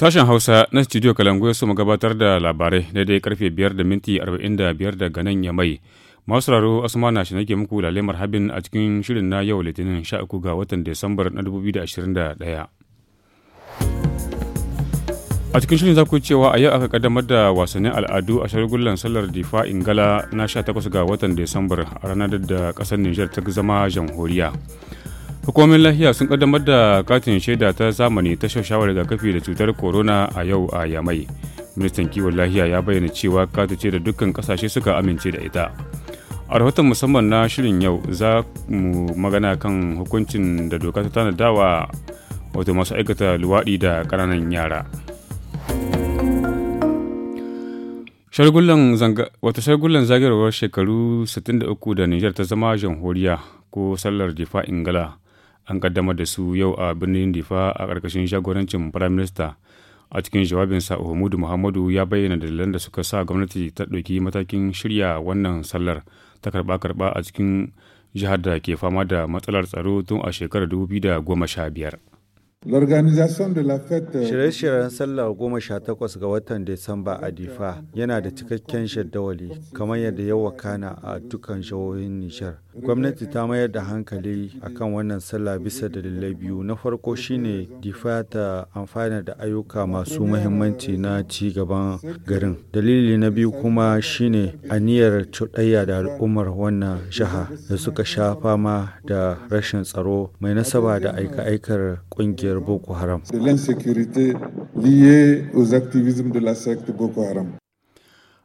Sashen Hausa na Studio Kalangu ya ma gabatar da labarai dai karfe 5 da minti 45 daga nan ya mai. Masu raro Asmana shi nake muku lalemar habin a cikin shirin na yau Litinin 13 ga watan Desambar na 2021. A cikin shirin za ku cewa a yau aka kaddamar da wasannin al'adu a shagulan sallar Difa Ingala na sha takwas ga watan Desambar a ranar da ƙasar Nijar ta zama jamhuriya. hukumomin lafiya sun kaddamar da katin shaida ta zamani ta shawarar kafi da cutar corona a yau a yamai ministan kiwon lafiya ya bayyana cewa katin ce da dukkan kasashe suka amince da ita a rahoton musamman na shirin yau za mu magana kan hukuncin da doka ta tanadawa wato masu aikata luwaɗi da ƙananan yara wata shagullan zagayowar shekaru 63 da nijar ta zama jamhuriya ko sallar jifa ingila an kaddamar da su yau a birnin difa a ƙarƙashin jagorancin prime minister a cikin jawabinsa Muhammadu Muhammadu ya bayyana dalilan da suka sa gwamnati ta ɗauki matakin shirya wannan sallar ta karɓa-karɓa a cikin jihar da ke fama da matsalar tsaro tun a shekarar 2015. Shirye-shiryen sallar goma sha takwas ga watan Disamba a Difa yana da cikakken shaddawali kamar yadda ya wakana a dukkan jihohin Nijar. Gwamnati ta mayar da hankali a kan wannan sallah bisa dalilai biyu. Na farko shine difa ta amfana da ayyuka masu muhimmanci na ci gaban garin. Dalili na biyu kuma shine aniyar cuɗayya da al'ummar wannan jiha da suka sha fama da rashin tsaro mai nasaba da aika-aikar ƙungiyar Boko Boko Haram.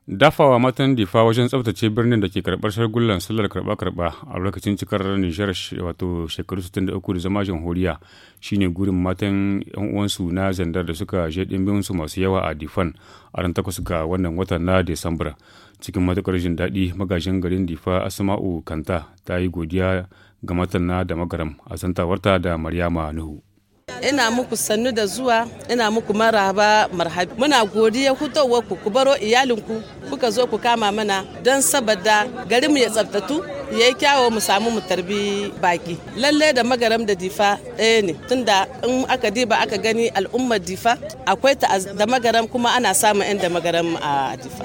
dafawa matan difa wajen tsabtace birnin da ke karbar shargullan sallar karba-karba a lokacin cikar nijar wato shekaru 63 da zama jamhuriya shine gurin matan yan uwansu na zandar da suka je su masu yawa a difan a ran takwas ga wannan watan na desambra cikin matukar jin daɗi magajin garin difa asma'u kanta ta yi godiya ga matan na da magaram a santawarta da maryama nuhu ina muku sannu da zuwa ina muku maraba marhabi muna godiya hutowar ku ku baro iyalinku kuka zo ku kama mana don saboda garinmu ya tsabtatu ya yi kyawo mu samu mu tarbi baki lalle da magaram da difa ɗaya ne tunda in aka diba aka gani al'ummar difa akwai ta da magaram kuma ana samun 'yan da magaram a difa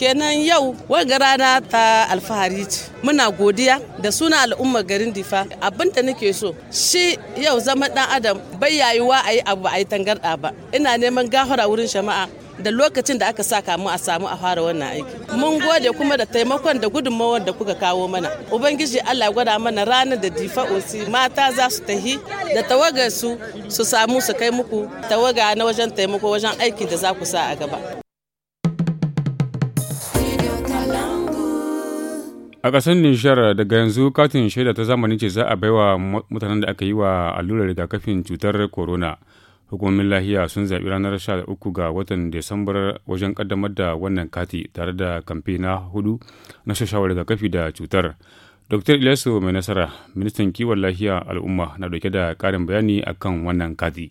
kenan yau wani rana ta alfahari ce muna godiya da suna al'ummar garin difa abinda nake so shi yau zama dan adam bai yayuwa a yi abu a yi tangarɗa ba ina neman gafara wurin shama'a da lokacin da aka sa kamu a samu a fara wannan aiki mun gode kuma da taimakon da gudunmawar da kuka kawo mana ubangiji allah gwada mana ranar da difa osi mata za su tahi da tawagar su su samu su kai muku tawaga na wajen taimako wajen aiki da za ku sa a gaba a ƙasar nishar daga yanzu katin shaida ta zamani ce za a baiwa mutanen da aka yi wa allurar rigakafin cutar corona hukumomin lahiya sun zaɓi ranar uku ga watan disambar wajen kaddamar da wannan kati tare da kamfe na hudu na shashawar rigakafi da cutar dr ilyasu mai nasara ministan kiwon lahiya al'umma na dauke da ƙarin bayani akan wannan kati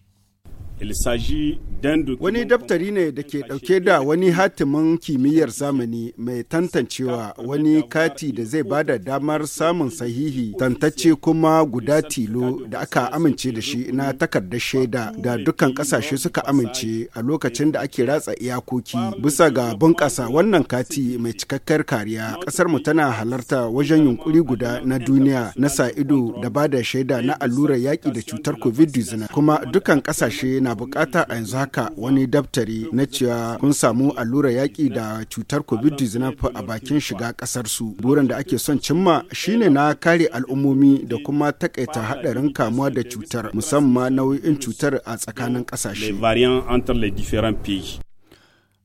Wani daftari ne da ke ɗauke da wani hatimin kimiyyar zamani mai tantancewa wani kati da zai ba da damar samun sahihi tantacce kuma guda tilo da aka amince da shi na takardar shaida da dukkan ƙasashe suka amince a lokacin da ake ratsa iyakoki. Bisa ga bunƙasa wannan kati mai cikakkar kariya, ƙasarmu tana halarta wajen yunkuri guda na duniya na sa ido da ba da shaida na allurar yaƙi da cutar COVID-19 kuma dukkan ƙasashe na na bukata a yanzu haka wani daftari na cewa kun samu allurar yaƙi da cutar covid-19 a bakin shiga ƙasar su burin da ake son cimma shine na kare al'ummomi da kuma takaita haɗarin kamuwa da cutar musamman nau'in cutar a tsakanin ƙasashe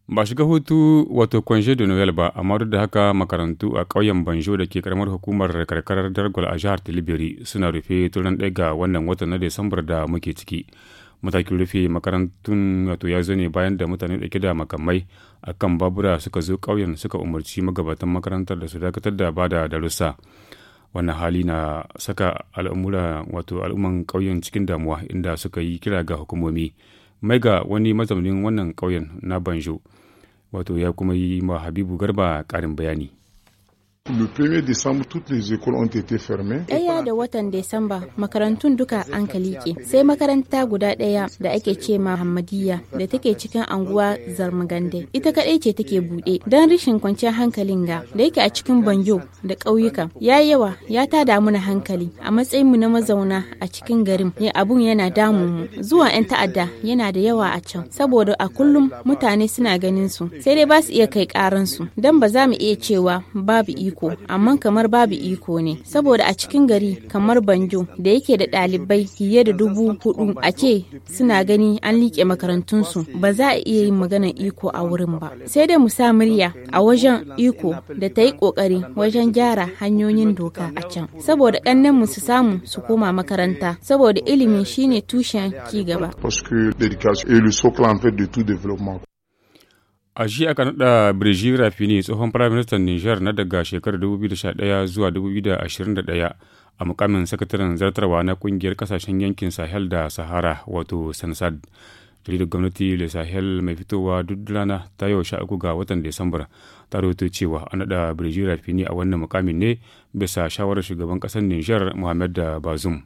ba shiga hutu wato kwanje da noel ba amma duk da haka makarantu a ƙauyen banjo da ke karamar hukumar karkarar dargwal a jihar tilibiri suna rufe turan ɗaya ga wannan watan na desambar da muke ciki matakin rufe makarantun wato ya zo ne bayan da mutane dauke da makamai akan babura suka zo ƙauyen suka umarci magabatan makarantar da su dakatar da bada darussa wannan hali na saka al'amura wato al'umman ƙauyen cikin damuwa inda suka yi kira ga hukumomi mai ga wani mazaunin wannan ƙauyen na banjo wato ya kuma yi ma habibu garba karin bayani Ɗaya da watan Desamba makarantun duka an kalike sai makaranta guda ɗaya da ake ce ma Hammadiyya da take cikin anguwa Zarmagande. Ita kaɗai ce take buɗe don rashin kwanciyar hankalin ga da yake a cikin Banjo da ƙauyuka. Ya yawa ya ta damuna hankali a matsayin mu na mazauna a cikin garin ya abun yana damun mu. Zuwa 'yan ta'adda yana da yawa a can saboda a kullum mutane suna ganin su sai dai ba su iya kai ƙaransu don ba za mu iya cewa babu iko. iko amma kamar babu iko ne saboda a cikin gari kamar banjo da yake da dalibai fiye da dubu hudu a ce suna gani an liƙe makarantunsu ba za a iya yin magana iko a wurin ba sai dai mu sa murya a wajen iko da ta yi ƙoƙari wajen gyara hanyoyin doka a can saboda ƙannen mu su samu su koma makaranta saboda ilimi shine tushen ci gaba A shi aka naɗa Brigitte Rafini tsohon Firaministan Nijar na daga shekarar 2011 zuwa 2021 a mukamin sakataren zartarwa na ƙungiyar ƙasashen yankin Sahel da Sahara wato Sansad. Jaridar gwamnati Le Sahel mai fitowa duk rana ta yau sha uku ga watan Disambar ta rahoto cewa an naɗa Brigitte Rafini a wannan mukamin ne bisa shawarar shugaban ƙasar Nijar Mohamed Bazoum.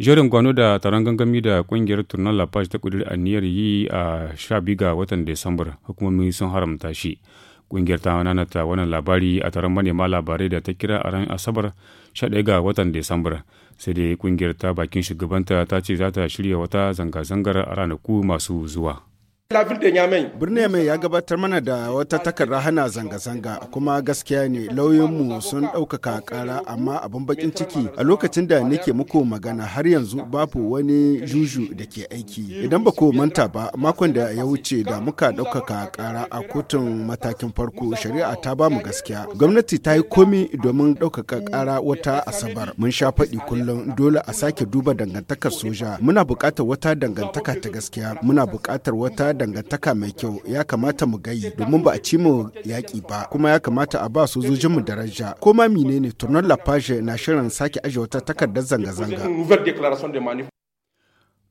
jerin gwano da taron gangami da kungiyar la page ta a aniyar yi a sha ga watan desambar hukumomi sun haramta shi kungiyar ta nanata wannan labari a taron manema labarai da ta kira a ran asabar 11 ga watan desambar sai dai kungiyar ta bakin shugabanta ta ce za ta shirya wata zanga-zangar a ranaku masu zuwa Birnin mai ya gabatar mana da wata takarda hana zanga-zanga kuma gaskiya ne lauyoyinmu sun ɗaukaka ƙara amma abin bakin ciki a lokacin da nake muku magana har yanzu babu wani juju da ke aiki. Idan ba ku manta ba makon da ya wuce da muka ɗaukaka ƙara a kotun matakin farko shari'a ta bamu gaskiya. Gwamnati ta yi komi domin ɗaukaka ƙara wata asabar. Mun sha faɗi kullum dole a sake duba dangantakar soja. Muna buƙatar wata dangantaka ta gaskiya. Muna buƙatar wata dangantaka mai kyau ya kamata mu gayi domin ba a ci mu yaƙi ba kuma ya kamata a ba sojojinmu daraja ko ma menene turnar lafashe na shirin sake aje wata takardar zanga-zanga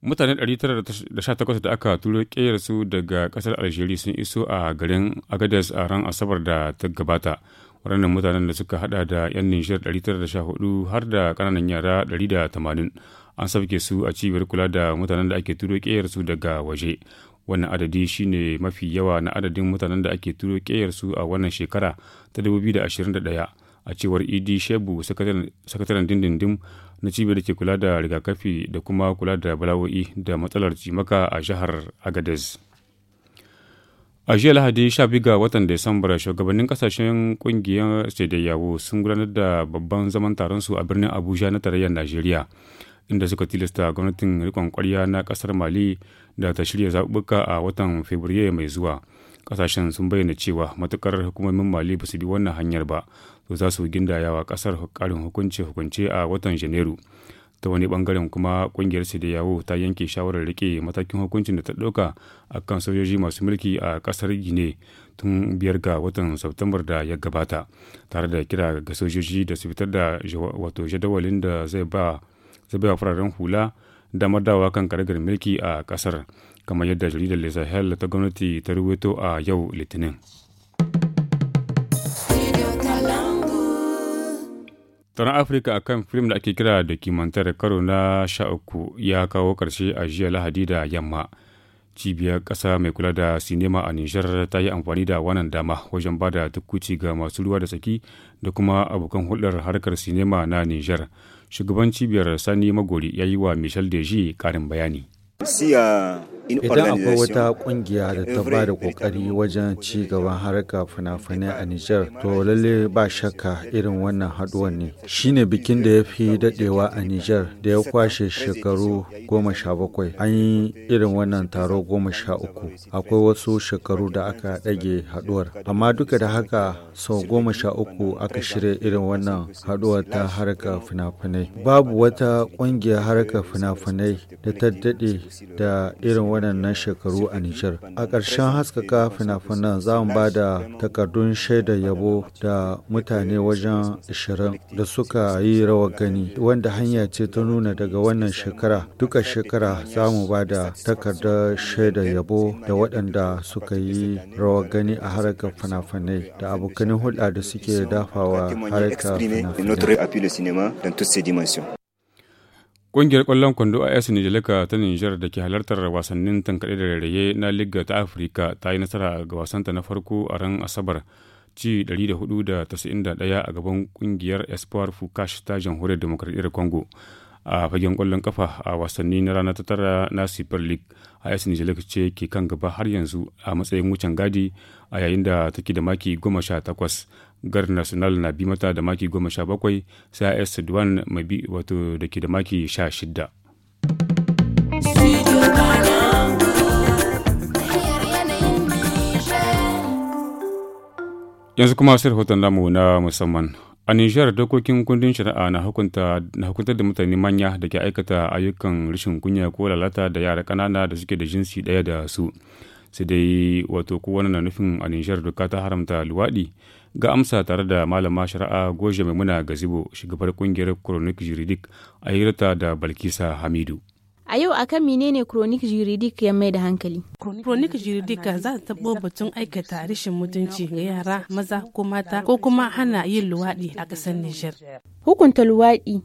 mutane 918 da aka turo su daga kasar algeria sun iso a garin agadez a ran asabar da ta gabata waɗannan mutanen da suka hada da 'yan nijar 914 har da ƙananan yara 180 an sabke su a cibiyar kula da mutanen da ake turo su daga waje wannan adadi shine mafi yawa na adadin mutanen da ake turo su a wannan shekara ta 2021 a cewar ed shebu sakataren dindindin na cibiyar da ke kula da rigakafi da kuma kula da bala'o'i da matsalar cimaka a jihar agadez a jiya lahadi biyu ga watan desambara shugabannin kasashen kungiyar yawo sun gudanar da babban zaman taron su a birnin abuja na tarayyar najeriya inda suka tilasta gwamnatin rikon kwarya na kasar mali da ta shirya zaɓuɓɓuka a watan fabrairu mai zuwa ƙasashen sun bayyana cewa matuƙar hukumomin mali ba su bi wannan hanyar ba to za su gindayawa ƙasar ƙarin hukunci hukunce a watan janairu ta wani ɓangaren kuma ƙungiyar kungiyar yawo ta yanke shawarar riƙe matakin hukuncin da ta ɗauka a kan sojoji masu mulki a ƙasar gine tun biyar ga watan septembar da ya gabata tare da kira ga sojoji da su fitar da wato jadawalin da zai ba fararen hula damar dawa kan karagar mulki a kasar kamar yadda jaridar lisa sahel ta gwamnati ta rubuto a yau litinin tsaron afirka akan fim da ake kira dokimantar karo na sha uku ya kawo karshe a jiya lahadi da yamma cibiyar ƙasa mai kula da sinima a nijar ta yi amfani da wannan dama wajen bada da tukuci ga masu ruwa da tsaki da kuma abokan hulɗar harkar sinima na nijar shugaban cibiyar sani magori ya yi wa michel deji karin bayani Idan akwai wata kungiya da ta ba da kokari wajen ci gaban harka fina-finai a Nijar, to lalle ba shakka irin wannan haduwan ne. Shi ne bikin da ya fi dadewa a Nijar da ya kwashe shekaru goma sha bakwai. An yi irin wannan taro goma sha uku. Akwai wasu shekaru da aka ɗage haduwar. Amma duka da haka sau goma sha uku aka shirya irin wannan haduwar ta harka fina-finai. Babu wata kungiyar harka fina-finai da ta daɗe da irin waɗannan shekaru a Nijar. A ƙarshen haskaka fina-finan za mu ba da takardun shaida yabo da mutane wajen 20 da suka yi rawa gani wanda hanya ce ta nuna daga wannan shekara duka shekara za mu ba da takardar shaidar yabo da waɗanda suka yi rawa gani a harkar fina-finai da abokanin hulɗa da suke dafawa harkar fina-finai. Ƙungiyar ƙwallon kwando a AS Nijalika ta Nijar da ke halartar wasannin tankaɗe da rairaye na Liga ta Afirka ta yi nasara ga wasanta na farko a ran Asabar ci 491 a gaban ƙungiyar Espoir Fukash ta Jamhuriyar Demokradiyyar Congo a fagen ƙwallon kafa a wasanni na rana ta tara na Super League. AS Nijalika ce ke kan gaba har yanzu a matsayin wucin gadi a yayin da take da maki goma sha takwas gar national na bi mata da maki goma sha bakwai sai as duwan mai bi wato da ke da maki sha shidda yanzu kuma sai rahoton namu na musamman a nijar dokokin kundin shari'a na hukuntar da mutane manya da ke aikata ayyukan rashin kunya ko lalata da yara kanana da suke da jinsi ɗaya da su sai dai wato kowane na nufin a nijar doka ta haramta luwaɗi ga amsa tare da malama shari'a goje maimuna zibo shugabar kungiyar chronic juridic a hirata da balkisa hamidu A yau a kan menene chronic juridic ya mai da hankali? Chronic juridic za ta taɓo batun aikata rashin mutunci ga yara maza ko mata ko kuma hana yin luwaɗi a ƙasar Nijar. Hukunta luwaɗi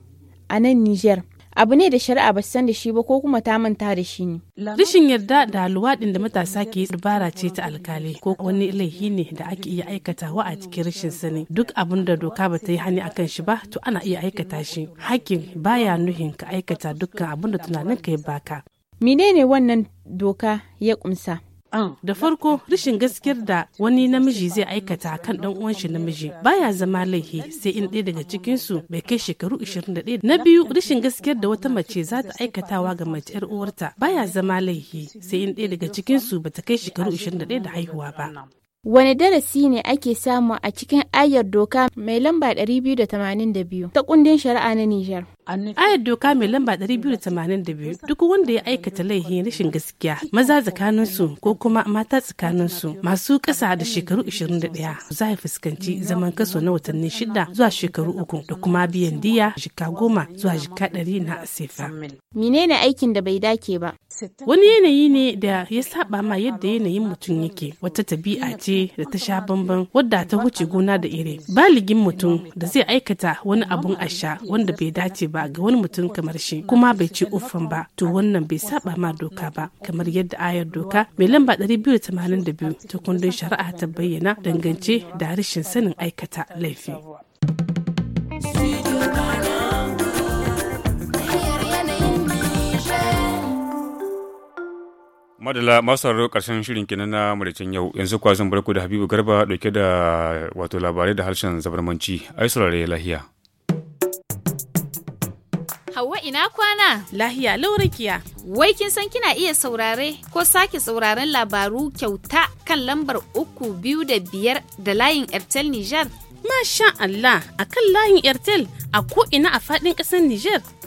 a nan Nijar abu ne da shari'a ba san da shi ba ko kuma ta manta da shi ne. Rashin yarda da luwaɗin da matasa ke dabara ce ta alkali ko wani laifi ne da ake iya aikatawa a cikin rashin sani duk abin da doka ba ta yi hani akan shi ba to ana iya aikata shi hakin baya nuhin ka aikata dukkan abin da tunanin ka ya baka. Menene wannan doka ya kumsa? da farko rashin gaskiyar da wani namiji zai aikata kan dan uwan shi namiji baya zama laifi sai in ɗaya daga cikin su bai kai shekaru 21 na biyu rashin gaskiyar da wata mace za ta aikatawa ga mace yar uwarta baya zama laifi sai in ɗaya daga cikin su bata kai shekaru 21 da haihuwa ba Wane darasi ne ake samu a cikin ayar doka mai lamba 282 ta kundin shari'a na Nijar? Ayar doka mai lamba 282 duk wanda ya aikata laifin rashin gaskiya maza tsakaninsu ko kuma mata tsakaninsu masu ƙasa da shekaru 21 za a fuskanci zaman kaso na watanni shida zuwa shekaru uku da kuma biyan diya jika goma zuwa jika ɗari na mine Menene aikin da bai dake ba? Wani yanayi ne da ya saba ma yadda yanayin mutum yake wata tabi'a ce da ta sha bamban wadda ta wuce gona da ire. Baligin mutum da zai aikata wani abun asha wanda bai dace ba ba ga wani mutum kamar shi kuma bai ci uffan ba to wannan bai saba ma doka ba kamar yadda ayar doka mai lamba 282 ta kundin shari'a ta bayyana dangance da rashin sanin aikata laifi. madala masu sauraro karshen shirin kenan na madacin yau yanzu kwazon zan da habibu garba dauke da wato labarai da harshen zabarmanci ai saurare lahiya ina kwana? Lahiya laurakiya. Wai kin san kina iya saurare ko sake sauraren labaru kyauta kan lambar uku biyu da biyar da layin Airtel Niger? Masha Allah Akan layin Airtel a ko ina a faɗin ƙasar Niger.